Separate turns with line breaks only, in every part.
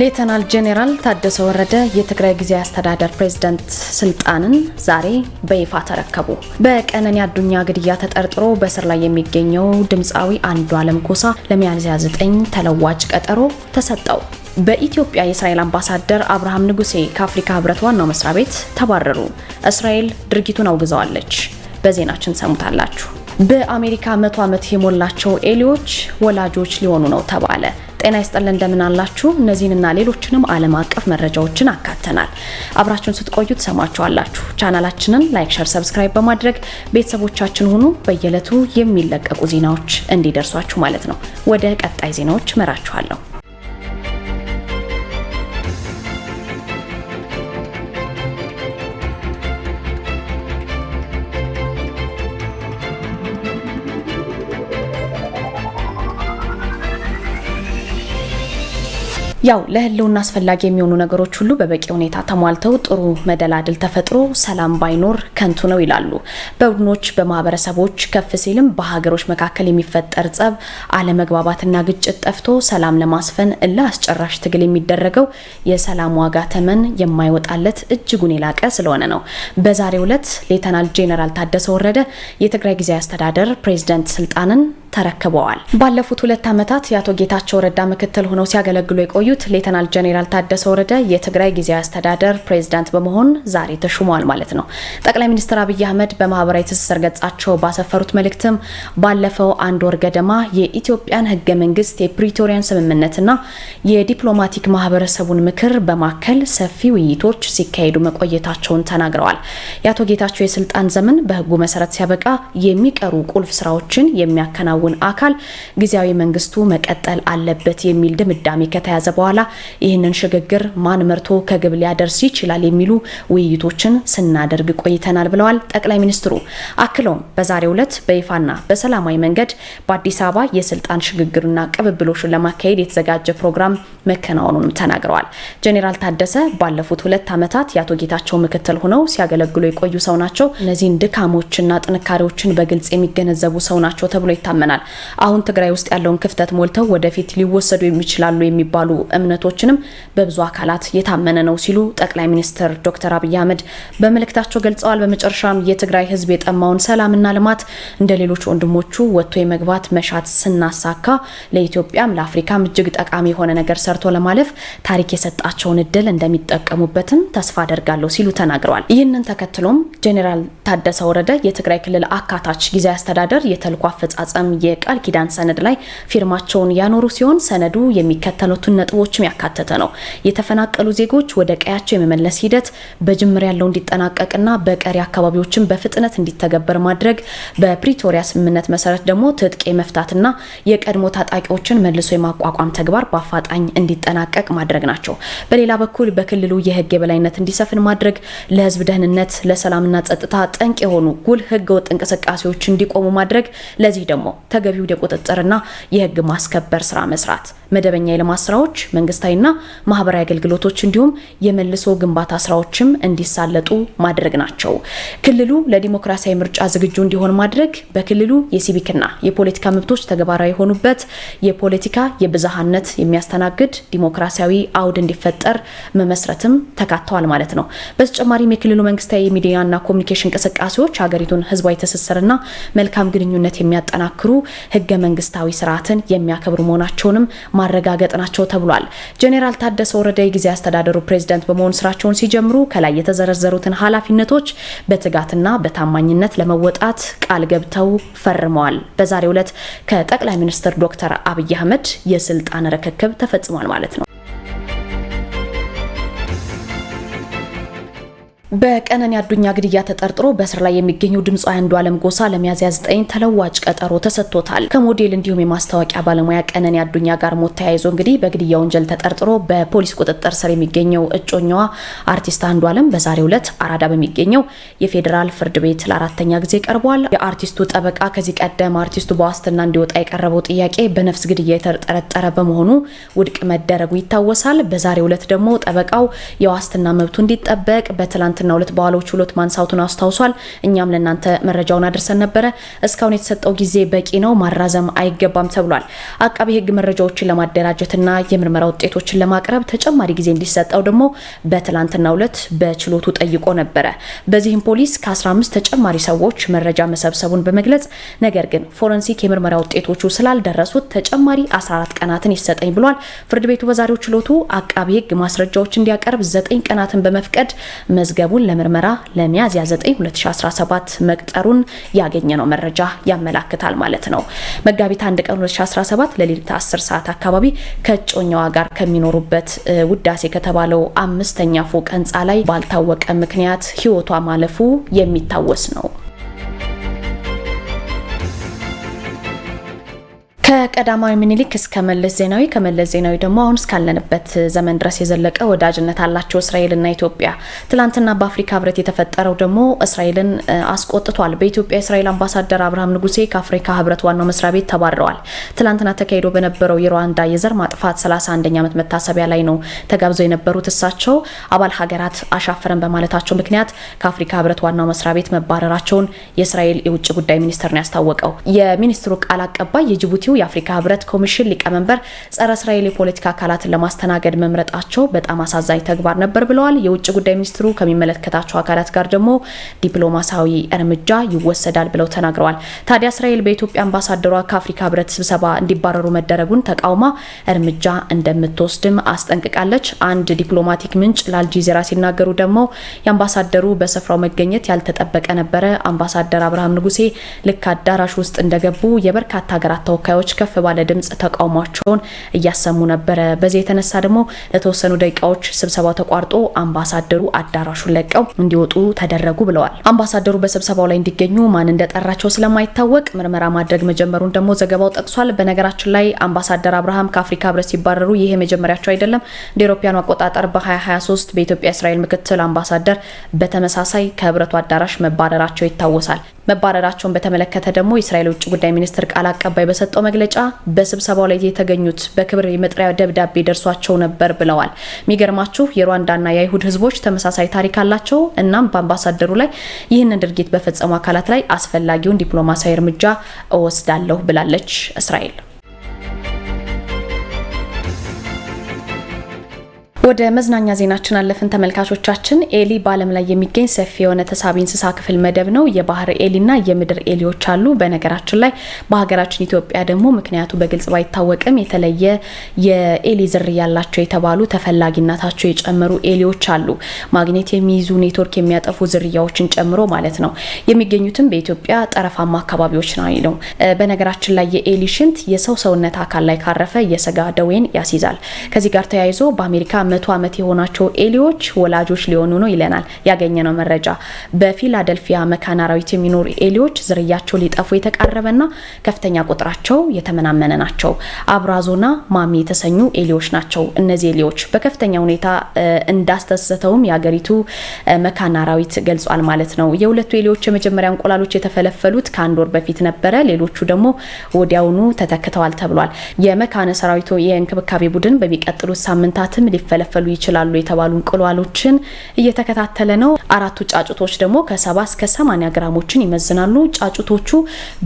ሌተናል ጄኔራል ታደሰ ወረደ የትግራይ ጊዜ አስተዳደር ፕሬዝዳንት ስልጣንን ዛሬ በይፋ ተረከቡ። በቀነኒ አዱኛ ግድያ ተጠርጥሮ በእስር ላይ የሚገኘው ድምፃዊ አንዱ አለም ጎሳ ለሚያዝያ 9 ተለዋጭ ቀጠሮ ተሰጠው። በኢትዮጵያ የእስራኤል አምባሳደር አብርሃም ንጉሴ ከአፍሪካ ህብረት ዋናው መስሪያ ቤት ተባረሩ። እስራኤል ድርጊቱን አውግዘዋለች። በዜናችን ሰሙታላችሁ። በአሜሪካ መቶ ዓመት የሞላቸው ኤሊዎች ወላጆች ሊሆኑ ነው ተባለ። ጤና ይስጥልን፣ እንደምን አላችሁ? እነዚህንና ሌሎችንም ዓለም አቀፍ መረጃዎችን አካተናል። አብራችሁን ስትቆዩ ትሰማችኋላችሁ። ቻናላችንን ላይክ፣ ሸር፣ ሰብስክራይብ በማድረግ ቤተሰቦቻችን ሁኑ። በየዕለቱ የሚለቀቁ ዜናዎች እንዲደርሷችሁ ማለት ነው። ወደ ቀጣይ ዜናዎች መራችኋለሁ። ያው ለህልውና አስፈላጊ የሚሆኑ ነገሮች ሁሉ በበቂ ሁኔታ ተሟልተው ጥሩ መደላድል ተፈጥሮ ሰላም ባይኖር ከንቱ ነው ይላሉ። በቡድኖች በማህበረሰቦች ከፍ ሲልም በሀገሮች መካከል የሚፈጠር ጸብ፣ አለመግባባትና ግጭት ጠፍቶ ሰላም ለማስፈን እልህ አስጨራሽ ትግል የሚደረገው የሰላም ዋጋ ተመን የማይወጣለት እጅጉን የላቀ ስለሆነ ነው። በዛሬው ዕለት ሌተናል ጄኔራል ታደሰ ወረደ የትግራይ ጊዜያዊ አስተዳደር ፕሬዝዳንት ስልጣንን ተረክበዋል። ባለፉት ሁለት ዓመታት የአቶ ጌታቸው ረዳ ምክትል ሆነው ሲያገለግሉ የቆዩት ሌተናል ጄኔራል ታደሰ ወረደ የትግራይ ጊዜያዊ አስተዳደር ፕሬዚዳንት በመሆን ዛሬ ተሹመዋል ማለት ነው። ጠቅላይ ሚኒስትር አብይ አህመድ በማህበራዊ ትስስር ገጻቸው ባሰፈሩት መልእክትም ባለፈው አንድ ወር ገደማ የኢትዮጵያን ህገ መንግስት የፕሪቶሪያን ስምምነትና የዲፕሎማቲክ ማህበረሰቡን ምክር በማከል ሰፊ ውይይቶች ሲካሄዱ መቆየታቸውን ተናግረዋል። የአቶ ጌታቸው የስልጣን ዘመን በህጉ መሰረት ሲያበቃ የሚቀሩ ቁልፍ ስራዎችን የሚያከናውን የሚከውን አካል ጊዜያዊ መንግስቱ መቀጠል አለበት የሚል ድምዳሜ ከተያዘ በኋላ ይህንን ሽግግር ማን መርቶ ከግብ ሊያደርስ ይችላል የሚሉ ውይይቶችን ስናደርግ ቆይተናል ብለዋል ጠቅላይ ሚኒስትሩ። አክለውም በዛሬው ዕለት በይፋና በሰላማዊ መንገድ በአዲስ አበባ የስልጣን ሽግግርና ቅብብሎሽን ለማካሄድ የተዘጋጀ ፕሮግራም መከናወኑንም ተናግረዋል። ጄኔራል ታደሰ ባለፉት ሁለት ዓመታት የአቶ ጌታቸው ምክትል ሆነው ሲያገለግሉ የቆዩ ሰው ናቸው። እነዚህን ድካሞችና ጥንካሬዎችን በግልጽ የሚገነዘቡ ሰው ናቸው ተብሎ ይታመናል። ይታመናል። አሁን ትግራይ ውስጥ ያለውን ክፍተት ሞልተው ወደፊት ሊወሰዱ የሚችላሉ የሚባሉ እምነቶችንም በብዙ አካላት የታመነ ነው ሲሉ ጠቅላይ ሚኒስትር ዶክተር አብይ አህመድ በመልእክታቸው ገልጸዋል። በመጨረሻም የትግራይ ህዝብ የጠማውን ሰላምና ልማት እንደ ሌሎች ወንድሞቹ ወጥቶ የመግባት መሻት ስናሳካ ለኢትዮጵያም ለአፍሪካም እጅግ ጠቃሚ የሆነ ነገር ሰርቶ ለማለፍ ታሪክ የሰጣቸውን እድል እንደሚጠቀሙበትም ተስፋ አደርጋለሁ ሲሉ ተናግረዋል። ይህንን ተከትሎም ጄኔራል ታደሰ ወረደ የትግራይ ክልል አካታች ጊዜያዊ አስተዳደር የተልኮ አፈጻጸም የቃል ኪዳን ሰነድ ላይ ፊርማቸውን ያኖሩ ሲሆን ሰነዱ የሚከተሉትን ነጥቦችም ያካተተ ነው። የተፈናቀሉ ዜጎች ወደ ቀያቸው የመመለስ ሂደት በጅምር ያለው እንዲጠናቀቅና በቀሪ አካባቢዎችን በፍጥነት እንዲተገበር ማድረግ፣ በፕሪቶሪያ ስምምነት መሰረት ደግሞ ትጥቅ የመፍታትና የቀድሞ ታጣቂዎችን መልሶ የማቋቋም ተግባር በአፋጣኝ እንዲጠናቀቅ ማድረግ ናቸው። በሌላ በኩል በክልሉ የህግ የበላይነት እንዲሰፍን ማድረግ፣ ለህዝብ ደህንነት፣ ለሰላምና ጸጥታ ጠንቅ የሆኑ ጉል ህገወጥ እንቅስቃሴዎች እንዲቆሙ ማድረግ ለዚህ ደግሞ ተገቢው የቁጥጥርና የህግ ማስከበር ስራ መስራት፣ መደበኛ የልማት ስራዎች፣ መንግስታዊና ማህበራዊ አገልግሎቶች እንዲሁም የመልሶ ግንባታ ስራዎችም እንዲሳለጡ ማድረግ ናቸው። ክልሉ ለዲሞክራሲያዊ ምርጫ ዝግጁ እንዲሆን ማድረግ፣ በክልሉ የሲቪክና የፖለቲካ መብቶች ተግባራዊ የሆኑበት የፖለቲካ የብዝሃነት የሚያስተናግድ ዲሞክራሲያዊ አውድ እንዲፈጠር መመስረትም ተካተዋል ማለት ነው። በተጨማሪም የክልሉ መንግስታዊ የሚዲያና ኮሚኒኬሽን እንቅስቃሴዎች ሀገሪቱን ህዝባዊ ትስስርና መልካም ግንኙነት የሚያጠናክሩ ህገ መንግስታዊ ስርዓትን የሚያከብሩ መሆናቸውንም ማረጋገጥ ናቸው ተብሏል። ጄኔራል ታደሰ ወረደ የጊዜ አስተዳደሩ ፕሬዚደንት በመሆን ስራቸውን ሲጀምሩ ከላይ የተዘረዘሩትን ኃላፊነቶች በትጋትና በታማኝነት ለመወጣት ቃል ገብተው ፈርመዋል። በዛሬው ዕለት ከጠቅላይ ሚኒስትር ዶክተር አብይ አህመድ የስልጣን ርክክብ ተፈጽሟል ማለት ነው። በቀነኒ አዱኛ ግድያ ተጠርጥሮ በእስር ላይ የሚገኘው ድምፃዊ አንዱዓለም ጎሳ ለሚያዝያ 9 ተለዋጭ ቀጠሮ ተሰጥቶታል። ከሞዴል እንዲሁም የማስታወቂያ ባለሙያ ቀነኒ አዱኛ ጋር ሞት ተያይዞ እንግዲህ በግድያ ወንጀል ተጠርጥሮ በፖሊስ ቁጥጥር ስር የሚገኘው እጮኛዋ አርቲስት አንዱዓለም በዛሬው ዕለት አራዳ በሚገኘው የፌዴራል ፍርድ ቤት ለአራተኛ ጊዜ ቀርቧል። የአርቲስቱ ጠበቃ ከዚህ ቀደም አርቲስቱ በዋስትና እንዲወጣ የቀረበው ጥያቄ በነፍስ ግድያ የተጠረጠረ በመሆኑ ውድቅ መደረጉ ይታወሳል። በዛሬው ዕለት ደግሞ ጠበቃው የዋስትና መብቱ እንዲጠበቅ በትላንት በትናንትናው ዕለት በዋለው ችሎት ማንሳቱን አስታውሷል። እኛም ለእናንተ መረጃውን አድርሰን ነበረ። እስካሁን የተሰጠው ጊዜ በቂ ነው፣ ማራዘም አይገባም ተብሏል። አቃቢ ህግ መረጃዎችን ለማደራጀትና የምርመራ ውጤቶችን ለማቅረብ ተጨማሪ ጊዜ እንዲሰጠው ደግሞ በትናንትናው ዕለት በችሎቱ ጠይቆ ነበረ። በዚህም ፖሊስ ከ15 ተጨማሪ ሰዎች መረጃ መሰብሰቡን በመግለጽ ነገር ግን ፎረንሲክ የምርመራ ውጤቶቹ ስላልደረሱት ተጨማሪ 14 ቀናትን ይሰጠኝ ብሏል። ፍርድ ቤቱ በዛሬው ችሎቱ አቃቢ ህግ ማስረጃዎች እንዲያቀርብ 9 ቀናትን በመፍቀድ መዝገብ መዝገቡን ለምርመራ ለሚያዝያ 9 2017 መቅጠሩን ያገኘነው መረጃ ያመላክታል ማለት ነው። መጋቢት አንድ ቀን 2017 ለሌሊት 10 ሰዓት አካባቢ ከእጮኛዋ ጋር ከሚኖሩበት ውዳሴ ከተባለው አምስተኛ ፎቅ ህንፃ ላይ ባልታወቀ ምክንያት ህይወቷ ማለፉ የሚታወስ ነው። ከቀዳማዊ ምኒልክ እስከ መለስ ዜናዊ ከመለስ ዜናዊ ደግሞ አሁን እስካለንበት ዘመን ድረስ የዘለቀ ወዳጅነት አላቸው እስራኤልና ኢትዮጵያ። ትላንትና በአፍሪካ ህብረት የተፈጠረው ደግሞ እስራኤልን አስቆጥቷል። በኢትዮጵያ የእስራኤል አምባሳደር አብርሃም ንጉሴ ከአፍሪካ ህብረት ዋናው መስሪያ ቤት ተባረዋል። ትላንትና ተካሂዶ በነበረው የሩዋንዳ የዘር ማጥፋት 31ኛ ዓመት መታሰቢያ ላይ ነው ተጋብዘው የነበሩት። እሳቸው አባል ሀገራት አሻፈረን በማለታቸው ምክንያት ከአፍሪካ ህብረት ዋናው መስሪያ ቤት መባረራቸውን የእስራኤል የውጭ ጉዳይ ሚኒስትር ነው ያስታወቀው። የሚኒስትሩ ቃል አቀባይ የጅቡቲው የአፍሪካ ህብረት ኮሚሽን ሊቀመንበር ጸረ እስራኤል የፖለቲካ አካላትን ለማስተናገድ መምረጣቸው በጣም አሳዛኝ ተግባር ነበር ብለዋል። የውጭ ጉዳይ ሚኒስትሩ ከሚመለከታቸው አካላት ጋር ደግሞ ዲፕሎማሲያዊ እርምጃ ይወሰዳል ብለው ተናግረዋል። ታዲያ እስራኤል በኢትዮጵያ አምባሳደሯ ከአፍሪካ ህብረት ስብሰባ እንዲባረሩ መደረጉን ተቃውማ እርምጃ እንደምትወስድም አስጠንቅቃለች። አንድ ዲፕሎማቲክ ምንጭ ለአልጀዚራ ሲናገሩ ደግሞ የአምባሳደሩ በስፍራው መገኘት ያልተጠበቀ ነበረ። አምባሳደር አብርሃም ንጉሴ ልክ አዳራሽ ውስጥ እንደገቡ የበርካታ ሀገራት ተወካዮች ተወካዮች ከፍ ባለ ድምጽ ተቃውሟቸውን እያሰሙ ነበረ። በዚህ የተነሳ ደግሞ ለተወሰኑ ደቂቃዎች ስብሰባው ተቋርጦ አምባሳደሩ አዳራሹን ለቀው እንዲወጡ ተደረጉ ብለዋል። አምባሳደሩ በስብሰባው ላይ እንዲገኙ ማን እንደጠራቸው ስለማይታወቅ ምርመራ ማድረግ መጀመሩን ደግሞ ዘገባው ጠቅሷል። በነገራችን ላይ አምባሳደር አብርሃም ከአፍሪካ ህብረት ሲባረሩ ይሄ መጀመሪያቸው አይደለም። እንደ አውሮፓውያኑ አቆጣጠር በ2023 በኢትዮጵያ እስራኤል ምክትል አምባሳደር በተመሳሳይ ከህብረቱ አዳራሽ መባረራቸው ይታወሳል። መባረራቸውን በተመለከተ ደግሞ የእስራኤል ውጭ ጉዳይ ሚኒስትር ቃል አቀባይ በሰጠው መግለጫ በስብሰባው ላይ የተገኙት በክብር የመጥሪያ ደብዳቤ ደርሷቸው ነበር ብለዋል። የሚገርማችሁ የሩዋንዳና የአይሁድ ህዝቦች ተመሳሳይ ታሪክ አላቸው። እናም በአምባሳደሩ ላይ ይህንን ድርጊት በፈጸሙ አካላት ላይ አስፈላጊውን ዲፕሎማሲያዊ እርምጃ እወስዳለሁ ብላለች እስራኤል። ወደ መዝናኛ ዜናችን አለፍን ተመልካቾቻችን። ኤሊ በዓለም ላይ የሚገኝ ሰፊ የሆነ ተሳቢ እንስሳ ክፍል መደብ ነው። የባህር ኤሊና የምድር ኤሊዎች አሉ። በነገራችን ላይ በሀገራችን ኢትዮጵያ ደግሞ ምክንያቱ በግልጽ ባይታወቅም የተለየ የኤሊ ዝርያ ያላቸው የተባሉ ተፈላጊነታቸው የጨመሩ ኤሊዎች አሉ። ማግኔት የሚይዙ ኔትወርክ የሚያጠፉ ዝርያዎችን ጨምሮ ማለት ነው። የሚገኙትም በኢትዮጵያ ጠረፋማ አካባቢዎች ነው። በነገራችን ላይ የኤሊ ሽንት የሰው ሰውነት አካል ላይ ካረፈ የስጋ ደዌን ያስይዛል። ከዚህ ጋር ተያይዞ በአሜሪካ መቶ ዓመት የሆናቸው ኤሊዎች ወላጆች ሊሆኑ ነው ይለናል ያገኘነው መረጃ። በፊላደልፊያ መካነ አራዊት የሚኖሩ ኤሊዎች ዝርያቸው ሊጠፉ የተቃረበና ከፍተኛ ቁጥራቸው የተመናመነ ናቸው። አብራዞና ማሚ የተሰኙ ኤሊዎች ናቸው። እነዚህ ኤሊዎች በከፍተኛ ሁኔታ እንዳስተሰተውም የሀገሪቱ መካነ አራዊት ገልጿል ማለት ነው። የሁለቱ ኤሊዎች የመጀመሪያ እንቁላሎች የተፈለፈሉት ከአንድ ወር በፊት ነበረ። ሌሎቹ ደግሞ ወዲያውኑ ተተክተዋል ተብሏል። የመካነ ሰራዊቱ የእንክብካቤ ቡድን በሚቀጥሉት ሳምንታትም ሊፈለ ሊከፈሉ ይችላሉ የተባሉ እንቁላሎችን እየተከታተለ ነው። አራቱ ጫጩቶች ደግሞ ከሰባ እስከ ሰማኒያ ግራሞችን ይመዝናሉ። ጫጩቶቹ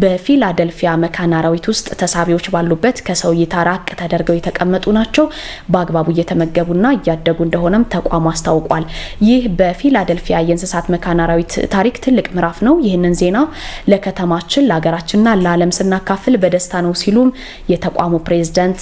በፊላደልፊያ መካነ አራዊት ውስጥ ተሳቢዎች ባሉበት ከሰው እይታ ራቅ ተደርገው የተቀመጡ ናቸው። በአግባቡ እየተመገቡና እያደጉ እንደሆነም ተቋሙ አስታውቋል። ይህ በፊላደልፊያ የእንስሳት መካነ አራዊት ታሪክ ትልቅ ምዕራፍ ነው። ይህንን ዜና ለከተማችን ለሀገራችንና ለዓለም ስናካፍል በደስታ ነው ሲሉም የተቋሙ ፕሬዚደንት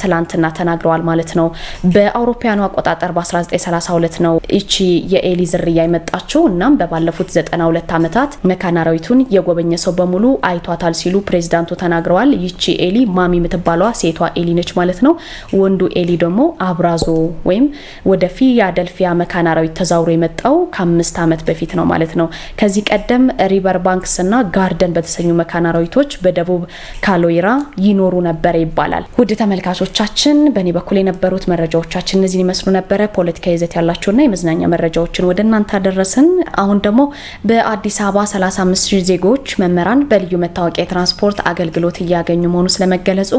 ትላንትና ተናግረዋል ማለት ነው። በአውሮ አውሮፓውያኑ አቆጣጠር በ1932 ነው ይቺ የኤሊ ዝርያ የመጣችው። እናም በባለፉት 92 ዓመታት መካነ አራዊቱን የጎበኘ ሰው በሙሉ አይቷታል ሲሉ ፕሬዚዳንቱ ተናግረዋል። ይቺ ኤሊ ማሚ የምትባለዋ ሴቷ ኤሊ ነች ማለት ነው። ወንዱ ኤሊ ደግሞ አብራዞ ወይም ወደ ፊያደልፊያ መካነ አራዊት ተዛውሮ የመጣው ከአምስት ዓመት በፊት ነው ማለት ነው። ከዚህ ቀደም ሪቨር ባንክስ እና ጋርደን በተሰኙ መካነ አራዊቶች በደቡብ ካሎይራ ይኖሩ ነበረ ይባላል። ውድ ተመልካቾቻችን በእኔ በኩል የነበሩት መረጃዎቻችን እነዚህን ይመስሉ ነበረ ፖለቲካ ይዘት ያላቸውና የመዝናኛ መረጃዎችን ወደ እናንተ አደረስን። አሁን ደግሞ በአዲስ አበባ 35000 ዜጎች መምህራን በልዩ መታወቂያ የትራንስፖርት አገልግሎት እያገኙ መሆኑ ስለመገለጹ፣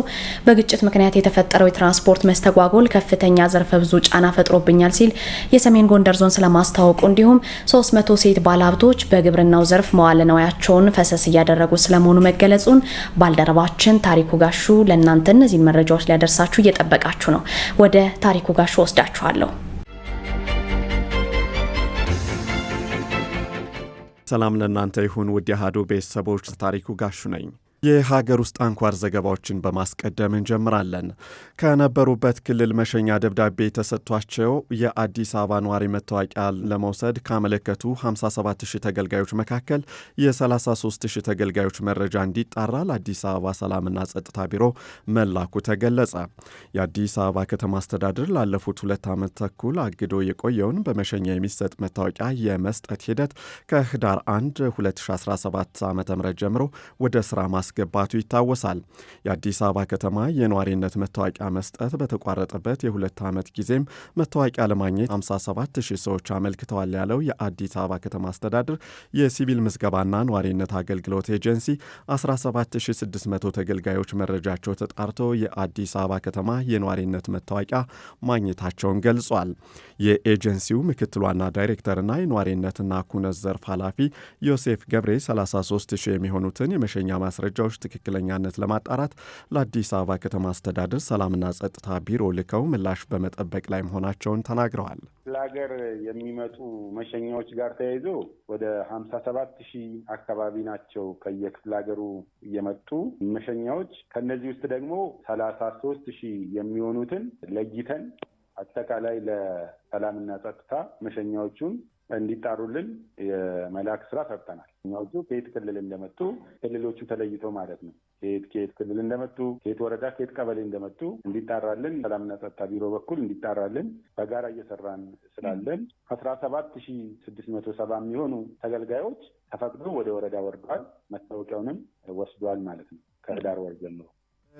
በግጭት ምክንያት የተፈጠረው የትራንስፖርት መስተጓጎል ከፍተኛ ዘርፈ ብዙ ጫና ፈጥሮብኛል ሲል የሰሜን ጎንደር ዞን ስለማስታወቁ፣ እንዲሁም 300 ሴት ባለሀብቶች በግብርናው ዘርፍ መዋለ ንዋያቸውን ፈሰስ እያደረጉ ስለመሆኑ መገለጹን ባልደረባችን ታሪኩ ጋሹ ለእናንተ እነዚህን መረጃዎች ሊያደርሳችሁ እየጠበቃችሁ ነው። ወደ ታሪኩ ጋሹ ምላሽ ወስዳችኋለሁ።
ሰላም ለእናንተ ይሁን ውድ የአሀዱ ቤተሰቦች፣ ታሪኩ ጋሹ ነኝ። የሀገር ውስጥ አንኳር ዘገባዎችን በማስቀደም እንጀምራለን። ከነበሩበት ክልል መሸኛ ደብዳቤ የተሰጥቷቸው የአዲስ አበባ ነዋሪ መታወቂያ ለመውሰድ ካመለከቱ 57000 ተገልጋዮች መካከል የ33000 ተገልጋዮች መረጃ እንዲጣራ ለአዲስ አበባ ሰላምና ጸጥታ ቢሮ መላኩ ተገለጸ። የአዲስ አበባ ከተማ አስተዳደር ላለፉት ሁለት ዓመት ተኩል አግዶ የቆየውን በመሸኛ የሚሰጥ መታወቂያ የመስጠት ሂደት ከህዳር 1 2017 ዓ ም ጀምሮ ወደ ስራ ማስ ማስገባቱ ይታወሳል። የአዲስ አበባ ከተማ የነዋሪነት መታወቂያ መስጠት በተቋረጠበት የሁለት ዓመት ጊዜም መታወቂያ ለማግኘት 57 ሺህ ሰዎች አመልክተዋል ያለው የአዲስ አበባ ከተማ አስተዳደር የሲቪል ምዝገባና ነዋሪነት አገልግሎት ኤጀንሲ 17600 ተገልጋዮች መረጃቸው ተጣርቶ የአዲስ አበባ ከተማ የነዋሪነት መታወቂያ ማግኘታቸውን ገልጿል። የኤጀንሲው ምክትል ዋና ዳይሬክተርና የነዋሪነትና ኩነት ዘርፍ ኃላፊ ዮሴፍ ገብሬ 33000 የሚሆኑትን የመሸኛ ማስረጃ መረጃዎች ትክክለኛነት ለማጣራት ለአዲስ አበባ ከተማ አስተዳደር ሰላምና ጸጥታ ቢሮ ልከው ምላሽ በመጠበቅ ላይ መሆናቸውን ተናግረዋል።
ለሀገር የሚመጡ መሸኛዎች ጋር ተያይዞ ወደ ሀምሳ ሰባት ሺህ አካባቢ ናቸው ከየክፍለ ሀገሩ እየመጡ መሸኛዎች። ከእነዚህ ውስጥ ደግሞ ሰላሳ ሶስት ሺህ የሚሆኑትን ለይተን አጠቃላይ ለሰላምና ጸጥታ መሸኛዎቹን እንዲጣሩልን የመላክ ስራ ሰርተናል። እኛዎቹ ከየት ክልል እንደመጡ ክልሎቹ ተለይተው ማለት ነው ከየት ከየት ክልል እንደመጡ ከየት ወረዳ ከየት ቀበሌ እንደመጡ እንዲጣራልን ሰላምና ጸጥታ ቢሮ በኩል እንዲጣራልን በጋራ እየሰራን ስላለን አስራ ሰባት ሺ ስድስት መቶ ሰባ የሚሆኑ ተገልጋዮች ተፈቅዶ ወደ ወረዳ ወርዷል። መታወቂያውንም ወስዷል ማለት ነው ከህዳር ወር ጀምሮ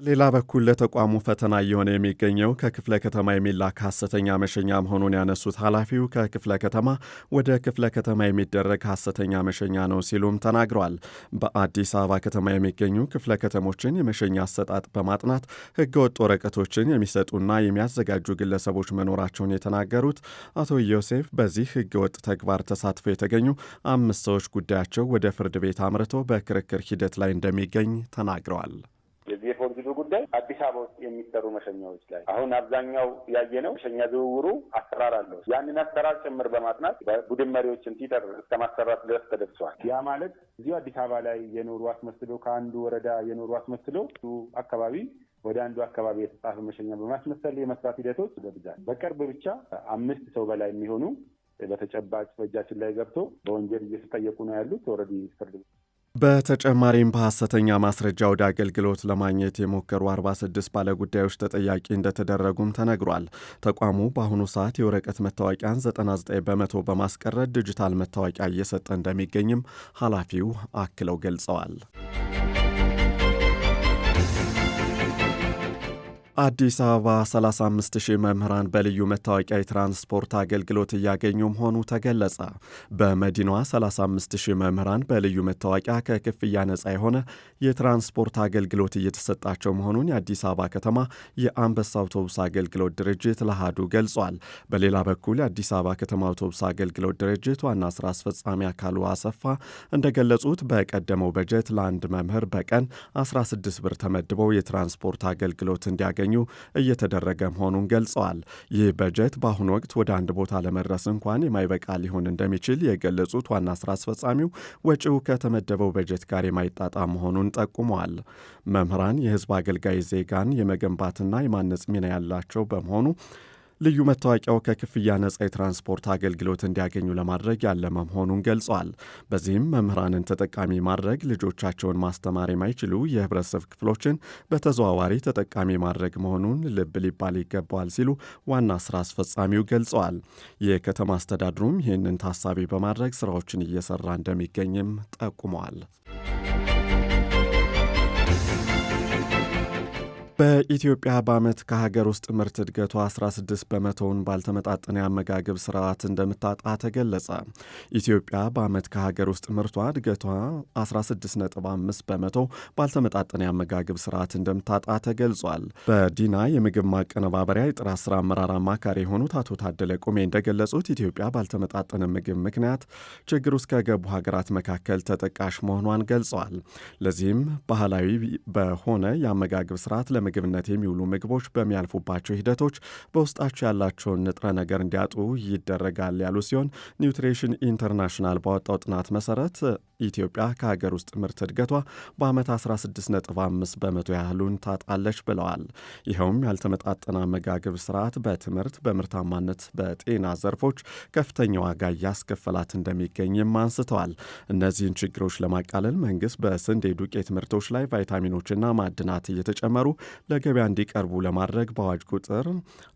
ሌላ በኩል ለተቋሙ ፈተና እየሆነ የሚገኘው ከክፍለ ከተማ የሚላክ ሐሰተኛ መሸኛ መሆኑን ያነሱት ኃላፊው ከክፍለ ከተማ ወደ ክፍለ ከተማ የሚደረግ ሐሰተኛ መሸኛ ነው ሲሉም ተናግረዋል። በአዲስ አበባ ከተማ የሚገኙ ክፍለ ከተሞችን የመሸኛ አሰጣጥ በማጥናት ህገወጥ ወረቀቶችን የሚሰጡና የሚያዘጋጁ ግለሰቦች መኖራቸውን የተናገሩት አቶ ዮሴፍ በዚህ ህገወጥ ተግባር ተሳትፈው የተገኙ አምስት ሰዎች ጉዳያቸው ወደ ፍርድ ቤት አምርቶ በክርክር ሂደት ላይ እንደሚገኝ ተናግረዋል።
በግዙ ጉዳይ አዲስ አበባ ውስጥ የሚሰሩ መሸኛዎች ላይ አሁን አብዛኛው ያየነው መሸኛ ዝውውሩ አሰራር አለው። ያንን አሰራር ጭምር በማጥናት በቡድን መሪዎችን ቲተር እስከ ማሰራት ድረስ ተደርሷል። ያ ማለት እዚሁ አዲስ አበባ ላይ የኖሩ አስመስሎ ከአንዱ ወረዳ የኖሩ አስመስሎ አካባቢ ወደ አንዱ አካባቢ የተጻፈ መሸኛ በማስመሰል የመስራት ሂደቶች በብዛት በቅርብ ብቻ አምስት ሰው በላይ የሚሆኑ በተጨባጭ በእጃችን ላይ ገብቶ በወንጀል እየተጠየቁ ነው ያሉት ኦልሬዲ ፍርድ
በተጨማሪም በሐሰተኛ ማስረጃ ወደ አገልግሎት ለማግኘት የሞከሩ 46 ባለጉዳዮች ተጠያቂ እንደተደረጉም ተነግሯል። ተቋሙ በአሁኑ ሰዓት የወረቀት መታወቂያን 99 በመቶ በማስቀረት ዲጂታል መታወቂያ እየሰጠ እንደሚገኝም ኃላፊው አክለው ገልጸዋል። አዲስ አበባ 35 ሺህ መምህራን በልዩ መታወቂያ የትራንስፖርት አገልግሎት እያገኙ መሆኑ ተገለጸ። በመዲናዋ 35 ሺህ መምህራን በልዩ መታወቂያ ከክፍያ ነፃ የሆነ የትራንስፖርት አገልግሎት እየተሰጣቸው መሆኑን የአዲስ አበባ ከተማ የአንበሳ አውቶቡስ አገልግሎት ድርጅት ለአሃዱ ገልጿል። በሌላ በኩል የአዲስ አበባ ከተማ አውቶቡስ አገልግሎት ድርጅት ዋና ስራ አስፈጻሚ አካሉ አሰፋ እንደገለጹት በቀደመው በጀት ለአንድ መምህር በቀን 16 ብር ተመድበው የትራንስፖርት አገልግሎት እንዲያገ እንዲያገኙ እየተደረገ መሆኑን ገልጸዋል። ይህ በጀት በአሁኑ ወቅት ወደ አንድ ቦታ ለመድረስ እንኳን የማይበቃ ሊሆን እንደሚችል የገለጹት ዋና ስራ አስፈጻሚው ወጪው ከተመደበው በጀት ጋር የማይጣጣ መሆኑን ጠቁመዋል። መምህራን የህዝብ አገልጋይ ዜጋን የመገንባትና የማነጽ ሚና ያላቸው በመሆኑ ልዩ መታወቂያው ከክፍያ ነጻ የትራንስፖርት አገልግሎት እንዲያገኙ ለማድረግ ያለ መሆኑን ገልጿል። በዚህም መምህራንን ተጠቃሚ ማድረግ፣ ልጆቻቸውን ማስተማር የማይችሉ የህብረተሰብ ክፍሎችን በተዘዋዋሪ ተጠቃሚ ማድረግ መሆኑን ልብ ሊባል ይገባዋል ሲሉ ዋና ስራ አስፈጻሚው ገልጸዋል። የከተማ አስተዳድሩም ይህንን ታሳቢ በማድረግ ስራዎችን እየሰራ እንደሚገኝም ጠቁመዋል። በኢትዮጵያ በዓመት ከሀገር ውስጥ ምርት እድገቱ 16 በመቶውን ባልተመጣጠነ የአመጋገብ ስርዓት እንደምታጣ ተገለጸ። ኢትዮጵያ በዓመት ከሀገር ውስጥ ምርቷ እድገቷ 16.5 በመቶ ባልተመጣጠነ የአመጋገብ ስርዓት እንደምታጣ ተገልጿል። በዲና የምግብ ማቀነባበሪያ የጥራት ስራ አመራር አማካሪ የሆኑት አቶ ታደለ ቁሜ እንደገለጹት ኢትዮጵያ ባልተመጣጠነ ምግብ ምክንያት ችግር ውስጥ ከገቡ ሀገራት መካከል ተጠቃሽ መሆኗን ገልጸዋል። ለዚህም ባህላዊ በሆነ የአመጋገብ ስርዓት ለምግብ ለምግብነት የሚውሉ ምግቦች በሚያልፉባቸው ሂደቶች በውስጣቸው ያላቸውን ንጥረ ነገር እንዲያጡ ይደረጋል ያሉ ሲሆን ኒውትሪሽን ኢንተርናሽናል ባወጣው ጥናት መሰረት ኢትዮጵያ ከሀገር ውስጥ ምርት እድገቷ በዓመት 16.5 በመቶ ያህሉን ታጣለች ብለዋል። ይኸውም ያልተመጣጠነ አመጋገብ ስርዓት በትምህርት፣ በምርታማነት፣ በጤና ዘርፎች ከፍተኛ ዋጋ እያስከፈላት እንደሚገኝም አንስተዋል። እነዚህን ችግሮች ለማቃለል መንግስት በስንዴ ዱቄት ምርቶች ላይ ቫይታሚኖችና ማዕድናት እየተጨመሩ ለገበያ እንዲቀርቡ ለማድረግ በአዋጅ ቁጥር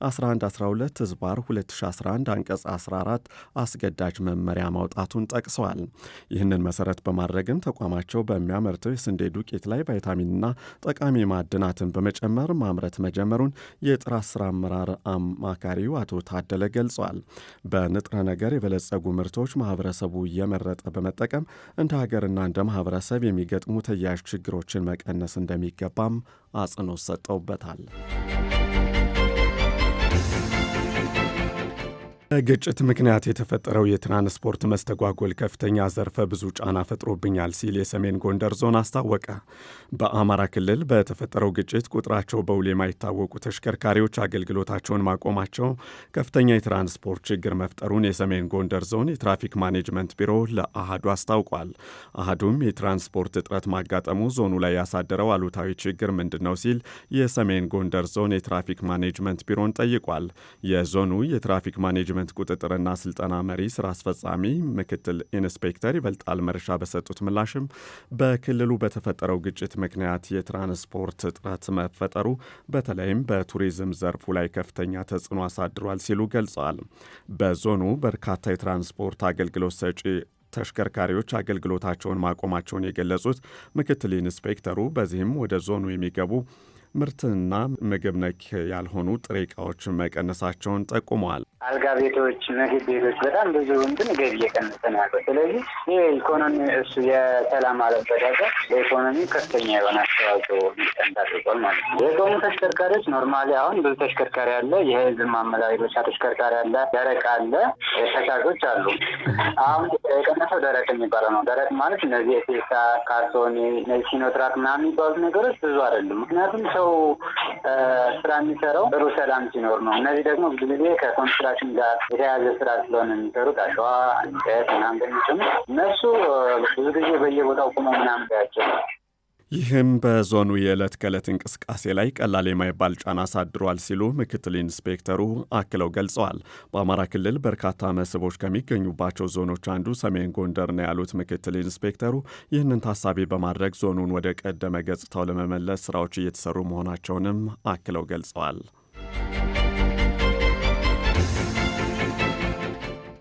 1112 ህዝባር 2011 አንቀጽ 14 አስገዳጅ መመሪያ ማውጣቱን ጠቅሰዋል። ይህንን መሰረ መሰረት በማድረግም ተቋማቸው በሚያመርተው የስንዴ ዱቄት ላይ ቫይታሚንና ጠቃሚ ማዕድናትን በመጨመር ማምረት መጀመሩን የጥራት ስራ አመራር አማካሪው አቶ ታደለ ገልጿል። በንጥረ ነገር የበለጸጉ ምርቶች ማህበረሰቡ እየመረጠ በመጠቀም እንደ ሀገርና እንደ ማህበረሰብ የሚገጥሙ ተያያዥ ችግሮችን መቀነስ እንደሚገባም አጽንኦት ሰጠውበታል። በግጭት ምክንያት የተፈጠረው የትራንስፖርት መስተጓጎል ከፍተኛ ዘርፈ ብዙ ጫና ፈጥሮብኛል ሲል የሰሜን ጎንደር ዞን አስታወቀ። በአማራ ክልል በተፈጠረው ግጭት ቁጥራቸው በውል የማይታወቁ ተሽከርካሪዎች አገልግሎታቸውን ማቆማቸው ከፍተኛ የትራንስፖርት ችግር መፍጠሩን የሰሜን ጎንደር ዞን የትራፊክ ማኔጅመንት ቢሮ ለአህዱ አስታውቋል። አህዱም የትራንስፖርት እጥረት ማጋጠሙ ዞኑ ላይ ያሳደረው አሉታዊ ችግር ምንድን ነው ሲል የሰሜን ጎንደር ዞን የትራፊክ ማኔጅመንት ቢሮን ጠይቋል። የዞኑ የትራፊክ ማኔጅመንት ማኔጅመንት ቁጥጥርና ስልጠና መሪ ስራ አስፈጻሚ ምክትል ኢንስፔክተር ይበልጣል መርሻ በሰጡት ምላሽም በክልሉ በተፈጠረው ግጭት ምክንያት የትራንስፖርት እጥረት መፈጠሩ በተለይም በቱሪዝም ዘርፉ ላይ ከፍተኛ ተጽዕኖ አሳድሯል ሲሉ ገልጸዋል። በዞኑ በርካታ የትራንስፖርት አገልግሎት ሰጪ ተሽከርካሪዎች አገልግሎታቸውን ማቆማቸውን የገለጹት ምክትል ኢንስፔክተሩ በዚህም ወደ ዞኑ የሚገቡ ምርትና ምግብ ነክ ያልሆኑ ጥሬ እቃዎች መቀነሳቸውን ጠቁመዋል።
አልጋ ቤቶች፣ ምግብ ቤቶች በጣም ብዙ እንትን ገቢ እየቀነሰ ነው ያለው። ስለዚህ ይህ ኢኮኖሚ እሱ የሰላም አለመረጋጋት ለኢኮኖሚ ከፍተኛ የሆነ አስተዋጽኦ ሊቀንስ ማለት ነው። የቆሙ ተሽከርካሪዎች ኖርማሊ አሁን ብዙ ተሽከርካሪ አለ። የህዝብ ማመላለሻ ተሽከርካሪ አለ፣ ደረቅ አለ፣ ፈሳሾች አሉ። አሁን የቀነሰው ደረቅ የሚባለው ነው። ደረቅ ማለት እነዚህ የፌሳ ካርቶኒ፣ ሲኖትራክ ምናምን የሚባሉት ነገሮች ብዙ አይደሉም። ምክንያቱም ሰው ስራ የሚሰራው ጥሩ ሰላም ሲኖር ነው። እነዚህ ደግሞ ብዙ ጊዜ ከኮንስ ከኮንስትራክሽን ጋር የተያያዘ ስራ ስለሆነ የሚሰሩት አሸዋ፣ እንጨት ምናምን በሚጭምር እነሱ ብዙ ጊዜ በየቦታው ቁመ ምናምን ያቸው
ይህም በዞኑ የዕለት ከዕለት እንቅስቃሴ ላይ ቀላል የማይባል ጫና አሳድሯል ሲሉ ምክትል ኢንስፔክተሩ አክለው ገልጸዋል። በአማራ ክልል በርካታ መስህቦች ከሚገኙባቸው ዞኖች አንዱ ሰሜን ጎንደር ነው ያሉት ምክትል ኢንስፔክተሩ ይህንን ታሳቢ በማድረግ ዞኑን ወደ ቀደመ ገጽታው ለመመለስ ስራዎች እየተሰሩ መሆናቸውንም አክለው ገልጸዋል።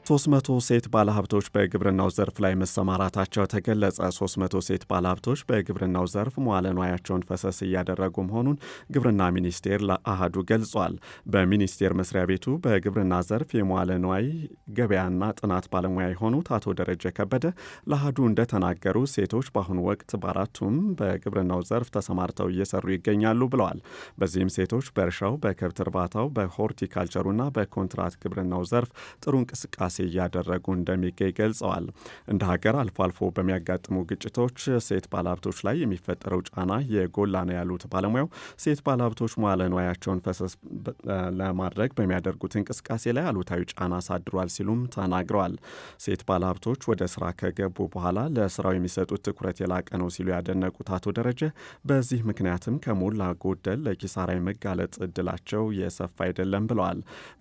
300 ሴት ባለሀብቶች በግብርናው ዘርፍ ላይ መሰማራታቸው ተገለጸ። 300 ሴት ባለሀብቶች በግብርናው ዘርፍ መዋለ ንዋያቸውን ፈሰስ እያደረጉ መሆኑን ግብርና ሚኒስቴር ለአህዱ ገልጿል። በሚኒስቴር መስሪያ ቤቱ በግብርና ዘርፍ የመዋለ ንዋይ ገበያና ጥናት ባለሙያ የሆኑት አቶ ደረጀ ከበደ ለአህዱ እንደተናገሩ ሴቶች በአሁኑ ወቅት በአራቱም በግብርናው ዘርፍ ተሰማርተው እየሰሩ ይገኛሉ ብለዋል። በዚህም ሴቶች በእርሻው፣ በከብት እርባታው፣ በሆርቲካልቸሩና በኮንትራት ግብርናው ዘርፍ ጥሩ እንቅስቃሴ እንቅስቃሴ እያደረጉ እንደሚገኝ ገልጸዋል። እንደ ሀገር አልፎ አልፎ በሚያጋጥሙ ግጭቶች ሴት ባለሀብቶች ላይ የሚፈጠረው ጫና የጎላ ነው ያሉት ባለሙያው ሴት ባለሀብቶች መዋለ ንዋያቸውን ፈሰስ ለማድረግ በሚያደርጉት እንቅስቃሴ ላይ አሉታዊ ጫና አሳድሯል ሲሉም ተናግረዋል። ሴት ባለሀብቶች ወደ ስራ ከገቡ በኋላ ለስራው የሚሰጡት ትኩረት የላቀ ነው ሲሉ ያደነቁት አቶ ደረጀ በዚህ ምክንያትም ከሞላ ጎደል ለኪሳራ የመጋለጥ እድላቸው የሰፋ አይደለም ብለዋል።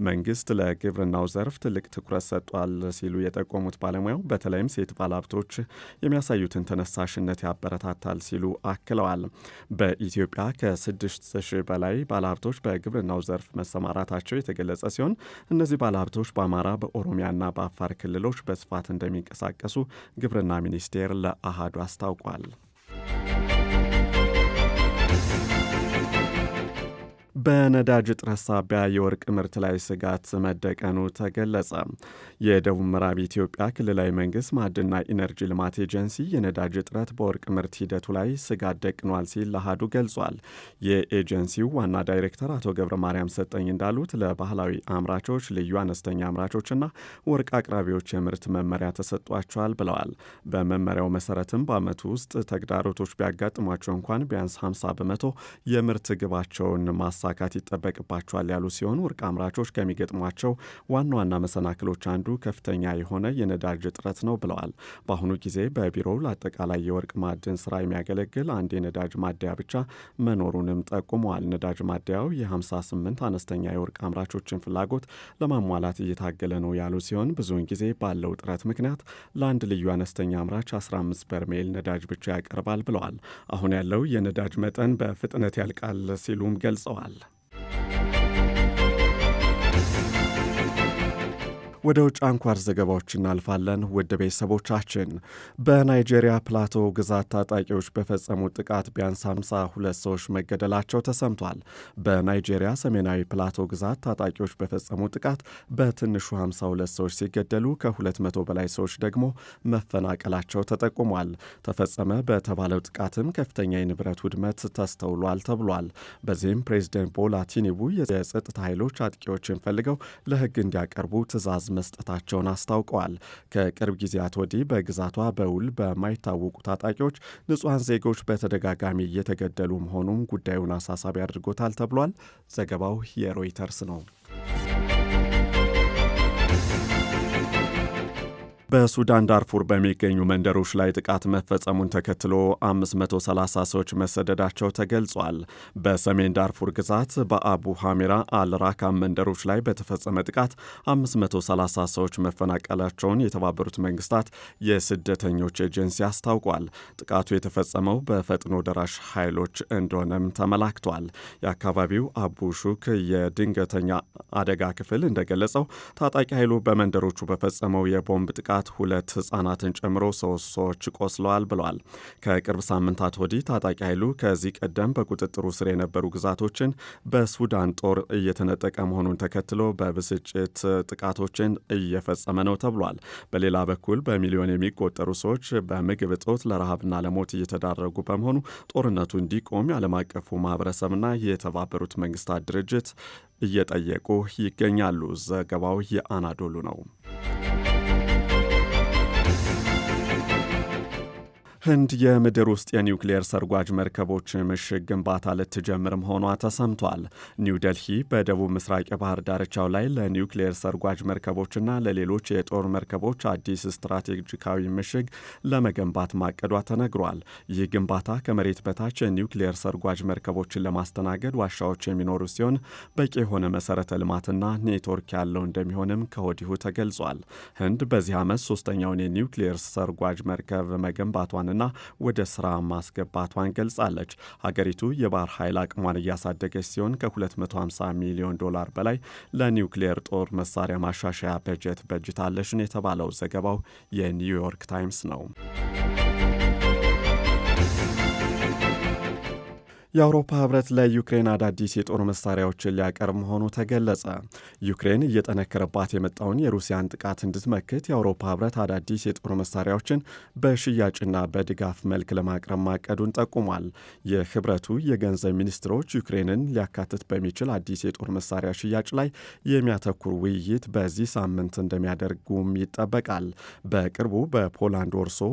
መንግስት ለግብርናው ዘርፍ ትልቅ ትኩረት ሰጥቶ ተሰጥቷል ሲሉ የጠቆሙት ባለሙያው በተለይም ሴት ባለሀብቶች የሚያሳዩትን ተነሳሽነት ያበረታታል ሲሉ አክለዋል። በኢትዮጵያ ከስድስት ሺህ በላይ ባለሀብቶች በግብርናው ዘርፍ መሰማራታቸው የተገለጸ ሲሆን እነዚህ ባለሀብቶች በአማራ በኦሮሚያና በአፋር ክልሎች በስፋት እንደሚንቀሳቀሱ ግብርና ሚኒስቴር ለአሃዱ አስታውቋል። በነዳጅ እጥረት ሳቢያ የወርቅ ምርት ላይ ስጋት መደቀኑ ተገለጸ። የደቡብ ምዕራብ ኢትዮጵያ ክልላዊ መንግስት ማድና ኢነርጂ ልማት ኤጀንሲ የነዳጅ እጥረት በወርቅ ምርት ሂደቱ ላይ ስጋት ደቅኗል ሲል ለአሃዱ ገልጿል። የኤጀንሲው ዋና ዳይሬክተር አቶ ገብረ ማርያም ሰጠኝ እንዳሉት ለባህላዊ አምራቾች፣ ልዩ አነስተኛ አምራቾችና ወርቅ አቅራቢዎች የምርት መመሪያ ተሰጥቷቸዋል ብለዋል። በመመሪያው መሰረትም በአመቱ ውስጥ ተግዳሮቶች ቢያጋጥሟቸው እንኳን ቢያንስ 50 በመቶ የምርት ግባቸውን ማሳ ማሳካት ይጠበቅባቸዋል ያሉ ሲሆን ወርቅ አምራቾች ከሚገጥሟቸው ዋና ዋና መሰናክሎች አንዱ ከፍተኛ የሆነ የነዳጅ እጥረት ነው ብለዋል። በአሁኑ ጊዜ በቢሮው ለአጠቃላይ የወርቅ ማዕድን ስራ የሚያገለግል አንድ የነዳጅ ማደያ ብቻ መኖሩንም ጠቁመዋል። ነዳጅ ማደያው የ58 አነስተኛ የወርቅ አምራቾችን ፍላጎት ለማሟላት እየታገለ ነው ያሉ ሲሆን ብዙውን ጊዜ ባለው እጥረት ምክንያት ለአንድ ልዩ አነስተኛ አምራች 15 በርሜል ነዳጅ ብቻ ያቀርባል ብለዋል። አሁን ያለው የነዳጅ መጠን በፍጥነት ያልቃል ሲሉም ገልጸዋል። you. ወደ ውጭ አንኳር ዘገባዎች እናልፋለን። ውድ ቤተሰቦቻችን በናይጄሪያ ፕላቶ ግዛት ታጣቂዎች በፈጸሙ ጥቃት ቢያንስ ሁለት ሰዎች መገደላቸው ተሰምቷል። በናይጄሪያ ሰሜናዊ ፕላቶ ግዛት ታጣቂዎች በፈጸሙ ጥቃት በትንሹ 52 ሰዎች ሲገደሉ ከ200 በላይ ሰዎች ደግሞ መፈናቀላቸው ተጠቁሟል። ተፈጸመ በተባለው ጥቃትም ከፍተኛ የንብረት ውድመት ተስተውሏል ተብሏል። በዚህም ፕሬዚደንት ቦላ ቲኒቡ የጸጥታ ኃይሎች አጥቂዎችን ፈልገው ለህግ እንዲያቀርቡ ትዕዛዝ መስጠታቸውን አስታውቀዋል። ከቅርብ ጊዜያት ወዲህ በግዛቷ በውል በማይታወቁ ታጣቂዎች ንጹሐን ዜጎች በተደጋጋሚ እየተገደሉ መሆኑም ጉዳዩን አሳሳቢ አድርጎታል ተብሏል። ዘገባው የሮይተርስ ነው። በሱዳን ዳርፉር በሚገኙ መንደሮች ላይ ጥቃት መፈጸሙን ተከትሎ 530 ሰዎች መሰደዳቸው ተገልጿል። በሰሜን ዳርፉር ግዛት በአቡ ሐሜራ አልራካም መንደሮች ላይ በተፈጸመ ጥቃት 530 ሰዎች መፈናቀላቸውን የተባበሩት መንግስታት የስደተኞች ኤጀንሲ አስታውቋል። ጥቃቱ የተፈጸመው በፈጥኖ ደራሽ ኃይሎች እንደሆነም ተመላክቷል። የአካባቢው አቡ ሹክ የድንገተኛ አደጋ ክፍል እንደገለጸው ታጣቂ ኃይሉ በመንደሮቹ በፈጸመው የቦምብ ጥቃት ጥቃት ሁለት ህጻናትን ጨምሮ ሶስት ሰዎች ቆስለዋል ብለዋል። ከቅርብ ሳምንታት ወዲህ ታጣቂ ኃይሉ ከዚህ ቀደም በቁጥጥሩ ስር የነበሩ ግዛቶችን በሱዳን ጦር እየተነጠቀ መሆኑን ተከትሎ በብስጭት ጥቃቶችን እየፈጸመ ነው ተብሏል። በሌላ በኩል በሚሊዮን የሚቆጠሩ ሰዎች በምግብ እጦት ለረሃብና ለሞት እየተዳረጉ በመሆኑ ጦርነቱ እንዲቆም የዓለም አቀፉ ማህበረሰብና የተባበሩት መንግስታት ድርጅት እየጠየቁ ይገኛሉ። ዘገባው የአናዶሉ ነው። ህንድ የምድር ውስጥ የኒውክሌር ሰርጓጅ መርከቦች ምሽግ ግንባታ ልትጀምርም ሆኗ ተሰምቷል። ኒው ደልሂ በደቡብ ምስራቅ የባህር ዳርቻው ላይ ለኒውክሌር ሰርጓጅ መርከቦችና ለሌሎች የጦር መርከቦች አዲስ ስትራቴጂካዊ ምሽግ ለመገንባት ማቀዷ ተነግሯል። ይህ ግንባታ ከመሬት በታች የኒውክሌር ሰርጓጅ መርከቦችን ለማስተናገድ ዋሻዎች የሚኖሩ ሲሆን በቂ የሆነ መሰረተ ልማትና ኔትወርክ ያለው እንደሚሆንም ከወዲሁ ተገልጿል። ህንድ በዚህ ዓመት ሶስተኛውን የኒውክሌር ሰርጓጅ መርከብ መገንባቷን ማስፈረሟንና ወደ ስራ ማስገባቷን ገልጻለች። ሀገሪቱ የባህር ኃይል አቅሟን እያሳደገች ሲሆን ከ250 ሚሊዮን ዶላር በላይ ለኒውክሌር ጦር መሳሪያ ማሻሻያ በጀት በጅታለች ነው የተባለው። ዘገባው የኒውዮርክ ታይምስ ነው። የአውሮፓ ህብረት ለዩክሬን አዳዲስ የጦር መሳሪያዎችን ሊያቀርብ መሆኑ ተገለጸ። ዩክሬን እየጠነከረባት የመጣውን የሩሲያን ጥቃት እንድትመክት የአውሮፓ ህብረት አዳዲስ የጦር መሳሪያዎችን በሽያጭና በድጋፍ መልክ ለማቅረብ ማቀዱን ጠቁሟል። የህብረቱ የገንዘብ ሚኒስትሮች ዩክሬንን ሊያካትት በሚችል አዲስ የጦር መሳሪያ ሽያጭ ላይ የሚያተኩር ውይይት በዚህ ሳምንት እንደሚያደርጉም ይጠበቃል። በቅርቡ በፖላንድ ወርሶ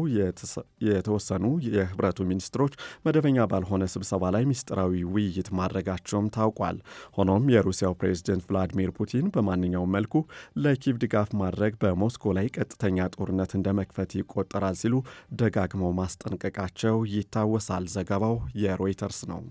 የተወሰኑ የህብረቱ ሚኒስትሮች መደበኛ ባልሆነ ስብሰባ ላይ ሚስጥራዊ ውይይት ማድረጋቸውም ታውቋል። ሆኖም የሩሲያው ፕሬዝደንት ቭላዲሚር ፑቲን በማንኛውም መልኩ ለኪቭ ድጋፍ ማድረግ በሞስኮ ላይ ቀጥተኛ ጦርነት እንደ መክፈት ይቆጠራል ሲሉ ደጋግመው ማስጠንቀቃቸው ይታወሳል። ዘገባው የሮይተርስ ነው።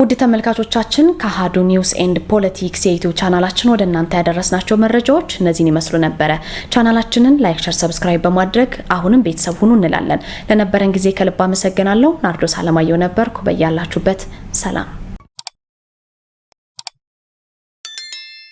ውድ ተመልካቾቻችን ከአሀዱ ኒውስ ኤንድ ፖለቲክስ የዩቲዩብ ቻናላችን ወደ እናንተ ያደረስናቸው መረጃዎች እነዚህን ይመስሉ ነበረ። ቻናላችንን ላይክ፣ ሸር፣ ሰብስክራይብ በማድረግ አሁንም ቤተሰብ ሁኑ እንላለን። ለነበረን ጊዜ ከልብ አመሰግናለሁ። ናርዶስ አለማየሁ ነበርኩ። በያላችሁበት ሰላም